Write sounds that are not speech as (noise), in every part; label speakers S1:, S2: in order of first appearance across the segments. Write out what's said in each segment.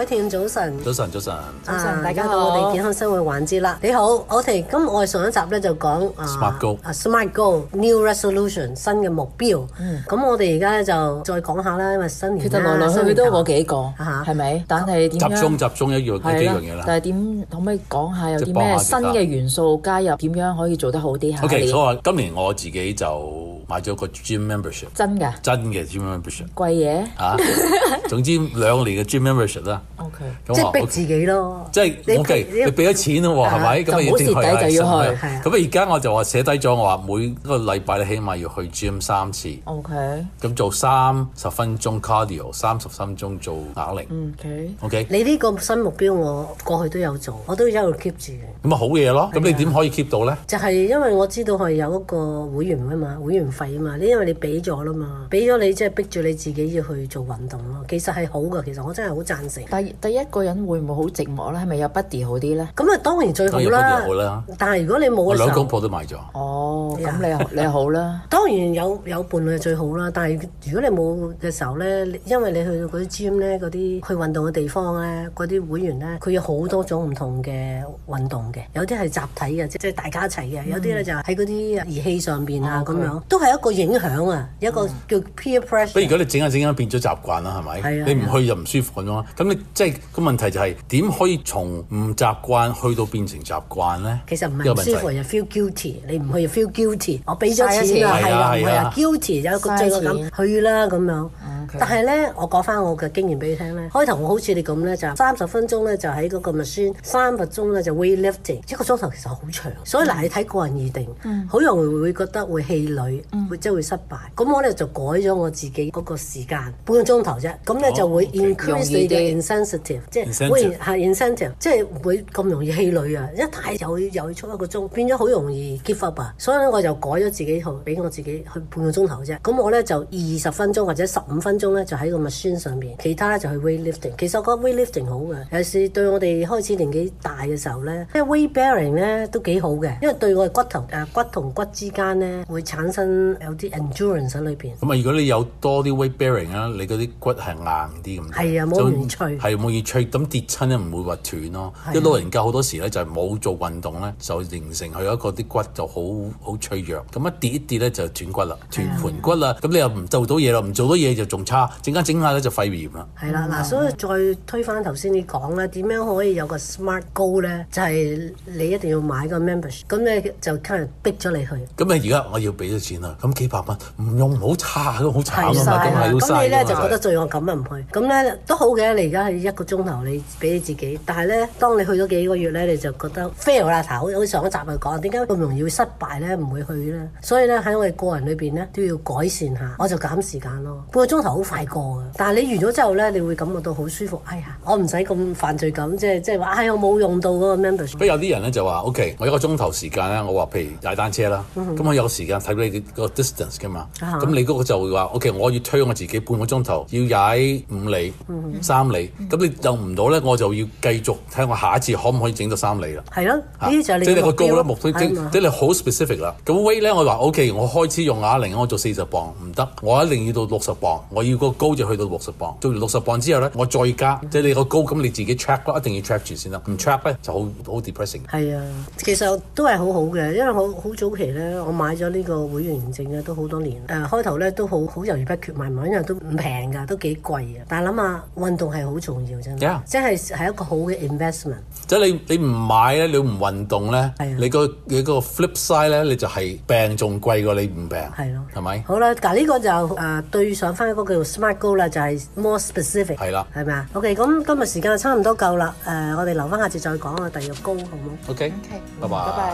S1: 每天，早晨。早晨，早晨。啊、早晨，大家好，我哋健康生活環節啦。你好，O K，咁我哋上一集咧就講、uh,
S2: Smart Goal，uh,
S1: Smart Goal，New Resolution，新嘅目標。咁、嗯、我哋而家咧就再講下啦，因為新年啦，新年。其實來來去去都嗰幾個，係、啊、咪？但係集中集
S2: 中一樣幾樣嘢啦。但
S1: 係點可唔可以講下有啲咩新嘅元素加入？點、就是、樣可以做得好啲？今年，O K，所
S2: 以今年我自己就。買咗個 gym membership，真㗎，真嘅 gym membership，
S1: 貴嘢，嚇、啊，
S2: (laughs) 總之兩年嘅 gym membership 啦、
S1: 啊。O、okay. K，即逼自己咯，即係，O
S2: K，你俾咗、okay, 錢啦喎，係、啊、咪？咁就，、啊、就要去，咁而家我就話寫低咗，我話每個禮拜你起碼要去 gym 三次。O K，咁做三十分鐘 cardio，三十分鐘做啞鈴。
S1: O、okay. k、okay? 你呢個新目標我過去都有做，我都一路 keep 住。
S2: 咁啊好嘢咯，咁、啊、你點可以 keep 到咧？
S1: 就係、是、因為我知道係有一個會員啊嘛，會員。費嘛，呢因為你俾咗啦嘛，俾咗你即係、就是、逼住你自己要去做運動咯。其實係好噶，其實我真係好贊成。第第一個人會唔會好寂寞咧？係咪有 buddy 好啲咧？咁啊，當然最好啦。但係如果你冇嘅時候，我兩公婆都買咗。哦，咁你你好啦。當然有有伴侶最好啦，但係如果你冇嘅時候咧、哦， (laughs) 因為你去到嗰啲 gym 咧，嗰啲去運動嘅地方咧，嗰啲會員咧，佢有好多種唔同嘅運動嘅，有啲係集體嘅，即、就、係、是、大家一齊嘅，有啲咧就喺嗰啲儀器上邊啊咁、嗯、樣，都係。有一個影響啊，有一個叫 peer pressure。
S2: 比如果你整下整下變咗習慣啦，係咪？係啊。你唔去又唔舒服咁、啊、樣，咁你即係個問題就係、是、點可以從唔習慣去到變成習慣咧？
S1: 其實唔舒服又、這個、feel guilty，你唔去又 feel guilty。我俾咗錢啦，係啊係啊，啊，啊，啊，啊，guilty 有個罪惡感，去啦咁樣。Okay. 但係咧，我講翻我嘅經驗俾你聽咧。開頭我好似你咁咧，就三十分鐘咧，就喺嗰個 machine 三十分鐘咧就 weight lifting 一個鐘頭其實好長，所以嗱、嗯、你睇個人而定，好、嗯、容易會覺得會氣餒、嗯，會即係、就是、會失敗。咁我咧就改咗我自己嗰個時間半個鐘頭啫。咁咧就會 increase the intensity 即係會 incentive 即係唔會咁容易氣餒啊！一太又會又出一個鐘，變咗好容易 give up 啊。所以咧我就改咗自己去俾我自己去半個鐘頭啫。咁我咧就二十分鐘或者十五分。中咧就喺個 machine 上面，其他呢就係 weightlifting。其實我覺得 weightlifting 好嘅，尤其是對我哋開始年紀大嘅時候咧，即係 weightbearing 咧都幾好嘅，因為對我哋骨頭誒骨同骨之間咧會產生有啲 endurance 喺裏邊。
S2: 咁啊，如果你有多啲 weightbearing 你骨是硬是啊，你嗰啲骨係硬啲咁，係啊，冇咁脆，係冇咁脆。咁跌親咧唔會話斷咯。啲老人家好多時咧就冇做運動咧，就形成佢一個啲骨就好好脆弱。咁一跌一跌咧就斷骨啦，斷盆骨啦。咁、啊、你又唔做到嘢咯？唔做到嘢就仲。整下整下咧就肺炎啦。係、嗯、
S1: 啦，嗱、嗯，所以再推返頭先你講啦，點樣可以有個 smart goal 咧？就係、是、你一定要買個 membership，咁咧就靠逼咗你去。
S2: 咁你而家我要俾咗錢啦，咁幾百蚊唔用好差，好慘啊，咁係好曬。你咧就覺得罪
S1: 我咁乜唔去？咁咧都好嘅，你而家係一個鐘頭，你俾你自己。但係咧，當你去咗幾個月咧，你就覺得 fail 啦頭。我上一集咪講，點解咁容易會失敗咧？唔會去咧。所以咧喺我哋個人裏邊咧都要改善下，我就減時間咯，半個鐘頭。好快過啊，但係你完咗之後咧，你會感覺到好舒服。哎呀，我唔使咁犯罪感，即係即係話，哎，我冇用到嗰個 membership。
S2: 有啲人咧就話：OK，我一個鐘頭時，時間咧，我話譬如踩單車啦，咁、嗯、我有個時間睇到你個 distance 㗎嘛。咁、啊、你嗰個就會話：OK，我要推我自己半個鐘頭，要踩五里、三、嗯、里。咁、嗯、你遊唔到咧，我就要繼續睇我下一次可唔可以整到三里啦。
S1: 係咯，啊、這是即是的呢即你個高級目標，
S2: 即你好 specific 啦。咁 weight 咧，我話 OK，我開始用啞鈴，我做四十磅唔得，我一定要到六十磅。我要個高就去到六十磅，做完六十磅之後咧，我再加，即係你個高，咁你自己 track 咯，一定要 track 住先啦。唔 track 咧就好好 depressing。係
S1: 啊，其實都係好好嘅，因為我好早期咧，我買咗呢個會員證啊，都好多年。誒開頭咧都好好猶豫不決，買唔買，因為都唔平㗎，都幾貴啊。但係諗下運動係好重要真係，即係係一個好嘅 investment。
S2: 即係你你唔買咧，你唔運動咧，你個你個 flip side 咧，你就係病仲貴過你唔病。係咯，係咪？
S1: 好啦，但係呢個就誒對上翻嗰。叫 smart goal 啦，就係 more specific。係啦，係咪啊？OK，咁今日時間就差唔多夠啦。誒，我哋留翻下次再講啊，第二個 goal 好唔好
S2: ？OK，OK，拜拜，拜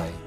S2: 拜。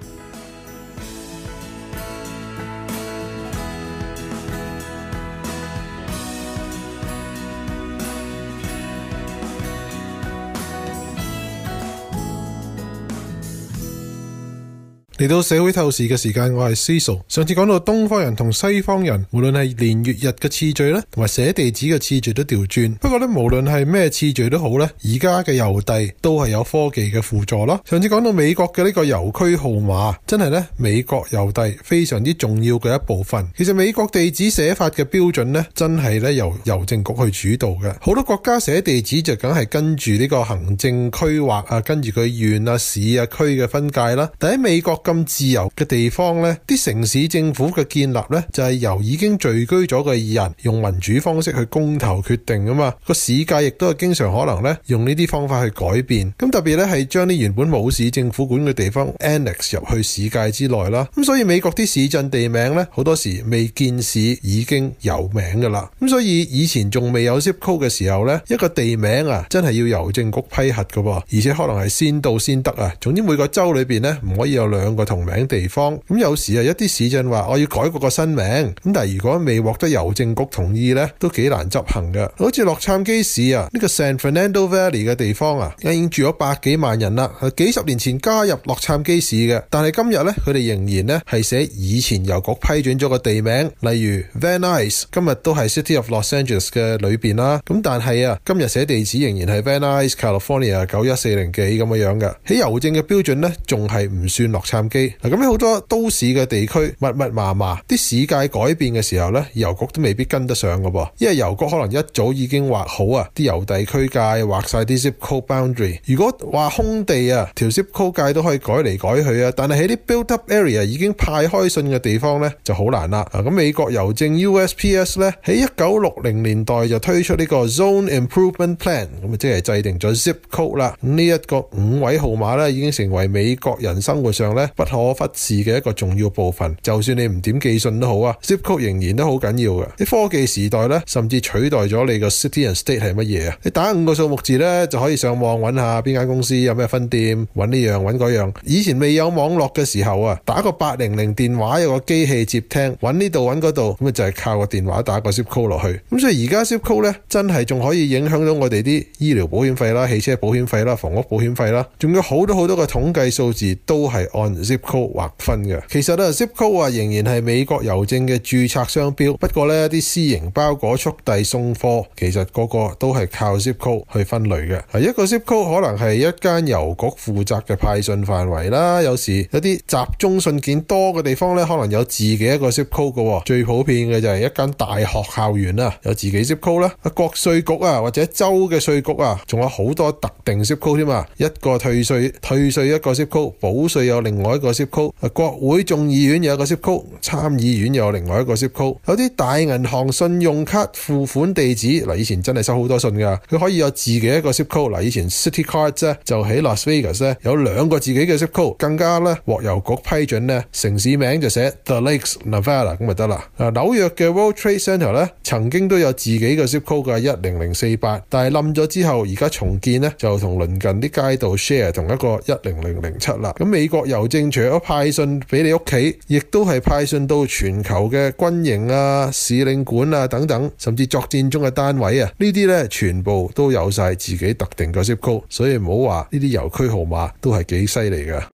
S3: 嚟到社會透視嘅時間，我係 Cecil。上次講到東方人同西方人，無論係年月日嘅次序咧，同埋寫地址嘅次序都調轉。不過咧，無論係咩次序都好咧，而家嘅郵遞都係有科技嘅輔助啦。上次講到美國嘅呢個郵區號碼，真係咧美國郵遞非常之重要嘅一部分。其實美國地址寫法嘅標準咧，真係咧由郵政局去主導嘅。好多國家寫地址就梗係跟住呢個行政區劃啊，跟住佢縣啊、市啊、區嘅分界啦、啊。但喺美國。咁自由嘅地方呢，啲城市政府嘅建立呢，就係由已經聚居咗嘅人用民主方式去公投決定啊嘛。個市界亦都係經常可能呢用呢啲方法去改變。咁特別呢係將啲原本冇市政府管嘅地方 annex 入去市界之內啦。咁所以美國啲市鎮地名呢好多時未建市已經有名噶啦。咁所以以前仲未有 zip code 嘅時候呢一個地名啊，真係要郵政局批核噶，而且可能係先到先得啊。總之每個州裏邊呢唔可以有兩。個同名地方，咁有時啊，一啲市鎮話我要改個個新名，咁但係如果未獲得郵政局同意咧，都幾難執行嘅。好似洛杉磯市啊，呢個 San Fernando Valley 嘅地方啊，已經住咗百幾萬人啦。幾十年前加入洛杉磯市嘅，但係今日咧，佢哋仍然咧係寫以前郵局批准咗個地名，例如 Van Nuys，今日都係 City of Los Angeles 嘅裏邊啦。咁但係啊，今日寫地址仍然係 Van Nuys California 九一四零幾咁嘅樣嘅，喺郵政嘅標準咧，仲係唔算洛杉嗱，咁好多都市嘅地區密密麻麻，啲市界改變嘅時候呢，郵局都未必跟得上㗎噃，因為郵局可能一早已經劃好啊，啲郵遞區界劃晒啲 zip code boundary。如果話空地啊，條 zip code 界都可以改嚟改去啊，但係喺啲 built up area 已經派開信嘅地方呢，就好難啦。咁美國郵政 USPS 咧，喺一九六零年代就推出呢個 zone improvement plan，咁啊即係制定咗 zip code 啦。呢一個五位號碼咧，已經成為美國人生活上呢不可忽視嘅一個重要部分，就算你唔點寄信都好啊，Zip code 仍然都好緊要嘅。啲科技時代咧，甚至取代咗你個 city and state 係乜嘢啊？你打五個數目字咧，就可以上網揾下邊間公司有咩分店，揾呢樣揾嗰樣，樣。以前未有網絡嘅時候啊，打個八零零電話有個機器接聽，揾呢度揾嗰度，咁啊就係靠個電話打個 Zip code 落去。咁所以而家 Zip code 咧，真係仲可以影響到我哋啲醫療保險費啦、汽車保險費啦、房屋保險費啦，仲有好多好多嘅統計數字都係按。Zipcode 劃分嘅，其實咧 Zipcode、啊、仍然係美國郵政嘅註冊商標，不過呢，啲私營包裹速遞送貨其實個個都係靠 Zipcode 去分類嘅。啊，一個 Zipcode 可能係一間郵局負責嘅派信範圍啦，有時有啲集中信件多嘅地方呢，可能有自己一個 Zipcode 嘅、哦。最普遍嘅就係一間大學校園啦、啊，有自己 Zipcode 啦。稅啊，國稅局啊或者州嘅稅局啊，仲有好多特定 Zipcode 添啊。一個退稅退稅一個 Zipcode，補稅有另外。一個 ZIP code，啊，國會眾議院有一個 ZIP code，參議院又有另外一個 ZIP code，有啲大銀行信用卡付款地址，嗱以前真係收好多信噶，佢可以有自己一個 ZIP code，嗱以前 City Cards 咧就喺 Las Vegas 咧有兩個自己嘅 ZIP code，更加咧獲郵局批准咧城市名就寫 The Lakes Nevada 咁咪得啦，嗱紐約嘅 World Trade Center 咧曾經都有自己嘅 ZIP code 嘅一零零四八，但係冧咗之後而家重建咧就同鄰近啲街道 share 同一個一零零零七啦，咁美國郵政。除咗派信俾你屋企，亦都係派信到全球嘅軍營啊、使領館啊等等，甚至作戰中嘅單位啊，呢啲咧全部都有晒自己特定嘅 ZIP Code，所以唔好話呢啲郵區號碼都係幾犀利噶。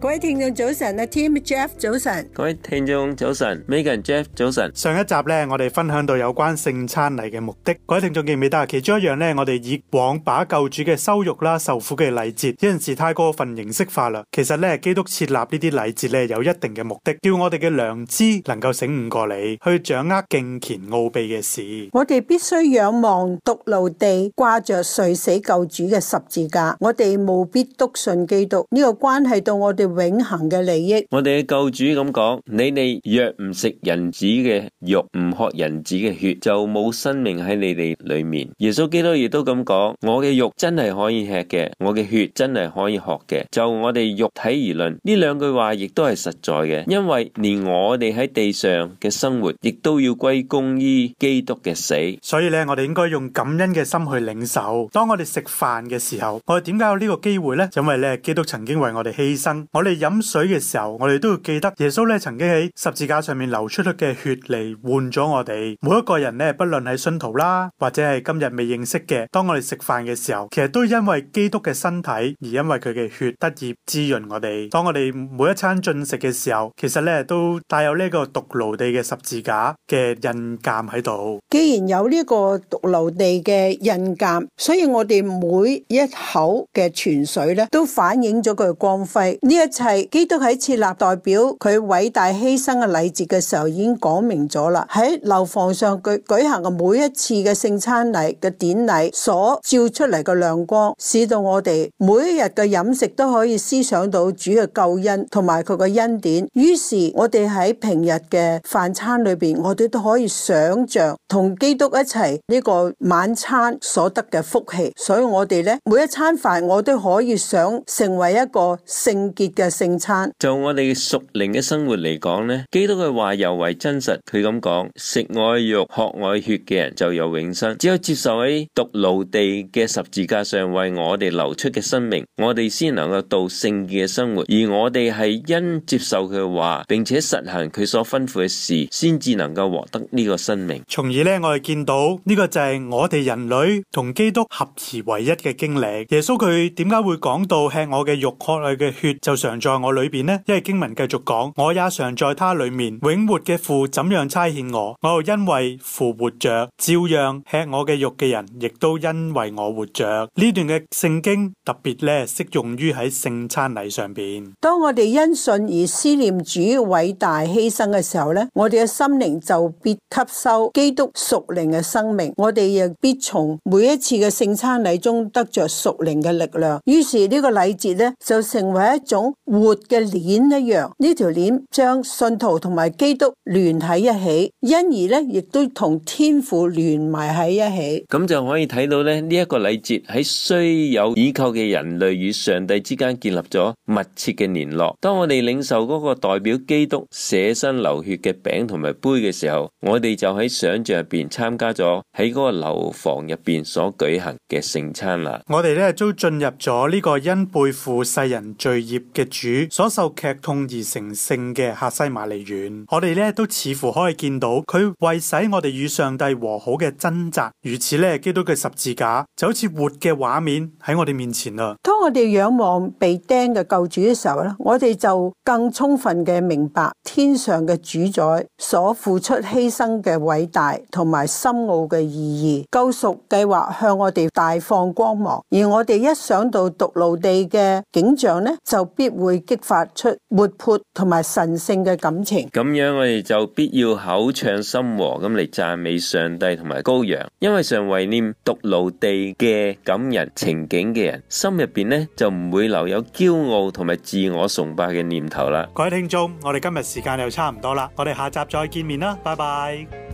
S4: 各位聽眾早晨啊，Tim Jeff 早晨，
S5: 各位聽眾早晨，Megan Jeff 早晨。上一集咧，我哋分享到有關
S6: 聖餐禮嘅目的。各位聽眾記唔記得啊？其中一樣咧，我哋以往把救主嘅羞辱啦、受苦嘅禮節，有陣時太過分形式化啦。其實咧，基督設立呢啲禮節咧，有一定嘅目的，叫我哋嘅良知能夠醒悟過嚟，去掌握敬虔奧秘嘅
S5: 事。
S4: 我哋必須仰望獨留地，掛着垂死救主嘅十字架。我哋務必篤信基督呢個關係到我哋，永恆嘅利益。
S5: 我哋嘅救主咁講：你哋若唔食人子嘅肉，唔喝人子嘅血，就冇生命喺你哋裏面。耶穌基督亦都咁講：我嘅肉真係可以吃嘅，我嘅血真係可以喝嘅。就我哋肉體而論，呢兩句話亦都係實在嘅，因為連我哋喺地上嘅生活，亦都要歸功於基督嘅死。
S6: 所以咧，我哋應該用感恩嘅心去領受。當我哋食飯嘅時候，我哋點解有呢個機會呢？因為咧，基督曾經為我哋犧牲。我哋飲水嘅時候，我哋都要記得耶穌咧，曾經喺十字架上面流出去嘅血嚟換咗我哋。每一個人咧，不論係信徒啦，或者係今日未認識嘅，當我哋食飯嘅時候，其實都因為基督嘅身體，而因為佢嘅血得以滋潤我哋。當我哋每一餐進食嘅時候，其實咧，都帶有呢個髑髏地嘅十字架嘅印鑒喺度。
S4: 既然有呢個髑髏地嘅印鑒，所以我哋每一口嘅泉水咧，都反映咗佢嘅光輝。呢一齊基督喺設立代表佢偉大犧牲嘅禮節嘅時候，已經講明咗啦。喺樓房上舉舉行嘅每一次嘅聖餐禮嘅典禮，所照出嚟嘅亮光，使到我哋每一日嘅飲食都可以思想到主嘅救恩同埋佢嘅恩典。於是我哋喺平日嘅飯餐裏邊，我哋都可以想象同基督一齊呢個晚餐所得嘅福氣。所以我哋呢，每一餐飯，我都可以想成為一個聖潔。嘅聖餐，
S5: 就我哋熟齡嘅生活嚟講咧，基督嘅話尤為真實。佢咁講：食我肉、喝我血嘅人就有永生。只有接受喺髑髏地嘅十字架上為我哋流出嘅生命，我哋先能夠度聖潔嘅生活。而我哋係因接受佢話，並且實行佢所吩咐嘅事，先至能夠獲得呢個生命。從而咧，
S6: 我哋見到呢個就係我哋人類同基督合而為一嘅經歷。耶穌佢點解會講到吃我嘅肉、喝我嘅血就上？常在我裏邊呢，因為經文繼續講，我也常在他裏面。永活嘅父怎樣差遣我，我又因為父活着，照樣吃我嘅肉嘅人，亦都因為我活着。呢段嘅聖經特別咧，適用於喺聖餐禮上邊。
S4: 當我哋因信而思念主偉大犧牲嘅時候咧，我哋嘅心靈就必吸收基督屬靈嘅生命，我哋亦必從每一次嘅聖餐禮中得着屬靈嘅力量。於是呢個禮節咧，就成為一種。活嘅鏈一樣，呢條鏈將信徒同埋基督連喺一起，因而咧亦都同天父連埋喺一起。
S5: 咁就可以睇到咧，呢、這、一個禮節喺雖有倚靠嘅人類與上帝之間建立咗密切嘅聯絡。當我哋領受嗰個代表基督捨身流血嘅餅同埋杯嘅時候，我哋就喺想象入邊參加咗喺嗰個樓房入邊所舉行嘅聖餐啦。
S6: 我哋咧都進入咗呢個因背負世人罪孽嘅。嘅主所受劇痛而成聖嘅客西馬利園，我哋咧都似乎可以見到佢為使我哋與上帝和好嘅掙扎。如此咧，基督嘅十字架就好似活嘅畫面喺我哋面前啦。
S4: 當我哋仰望被釘嘅救主嘅時候咧，我哋就更充分嘅明白天上嘅主宰所付出犧牲嘅偉大同埋深奧嘅意義，救贖計劃向我哋大放光芒。而我哋一想到獨路地嘅景象咧，就必會激發出活潑同埋神聖嘅感情，
S5: 咁樣我哋就必要口唱心和咁嚟讚美上帝同埋羔羊，因為常懷念髑髏地嘅感人情景嘅人心入邊呢就唔會留有驕傲同埋自我崇拜嘅念頭啦。各位聽眾，
S6: 我哋今日時間又差唔多啦，我哋下集再見面啦，拜拜。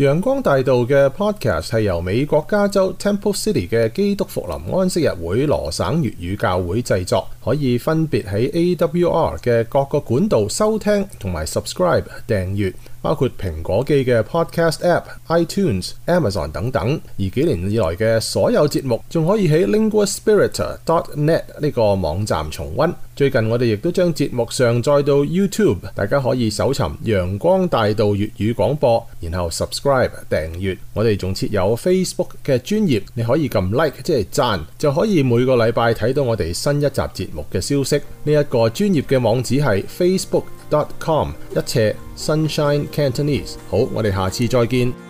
S7: 陽光大道嘅 podcast 係由美國加州 Temple City 嘅基督復臨安息日會羅省粵語教會製作，可以分別喺 AWR 嘅各個管道收聽同埋 subscribe 訂閱，包括蘋果機嘅 podcast app、iTunes、Amazon 等等。而幾年以來嘅所有節目仲可以喺 linguaspiritor.net 呢個網站重溫。最近我哋亦都將節目上載到 YouTube，大家可以搜尋陽光大道粵語廣播，然後 subscribe 訂閱。我哋仲設有 Facebook 嘅專頁，你可以撳 like 即係讚，就可以每個禮拜睇到我哋新一集節目嘅消息。呢、這、一個專頁嘅網址係 facebook.com 一斜 Sunshine Cantonese。好，我哋下次再見。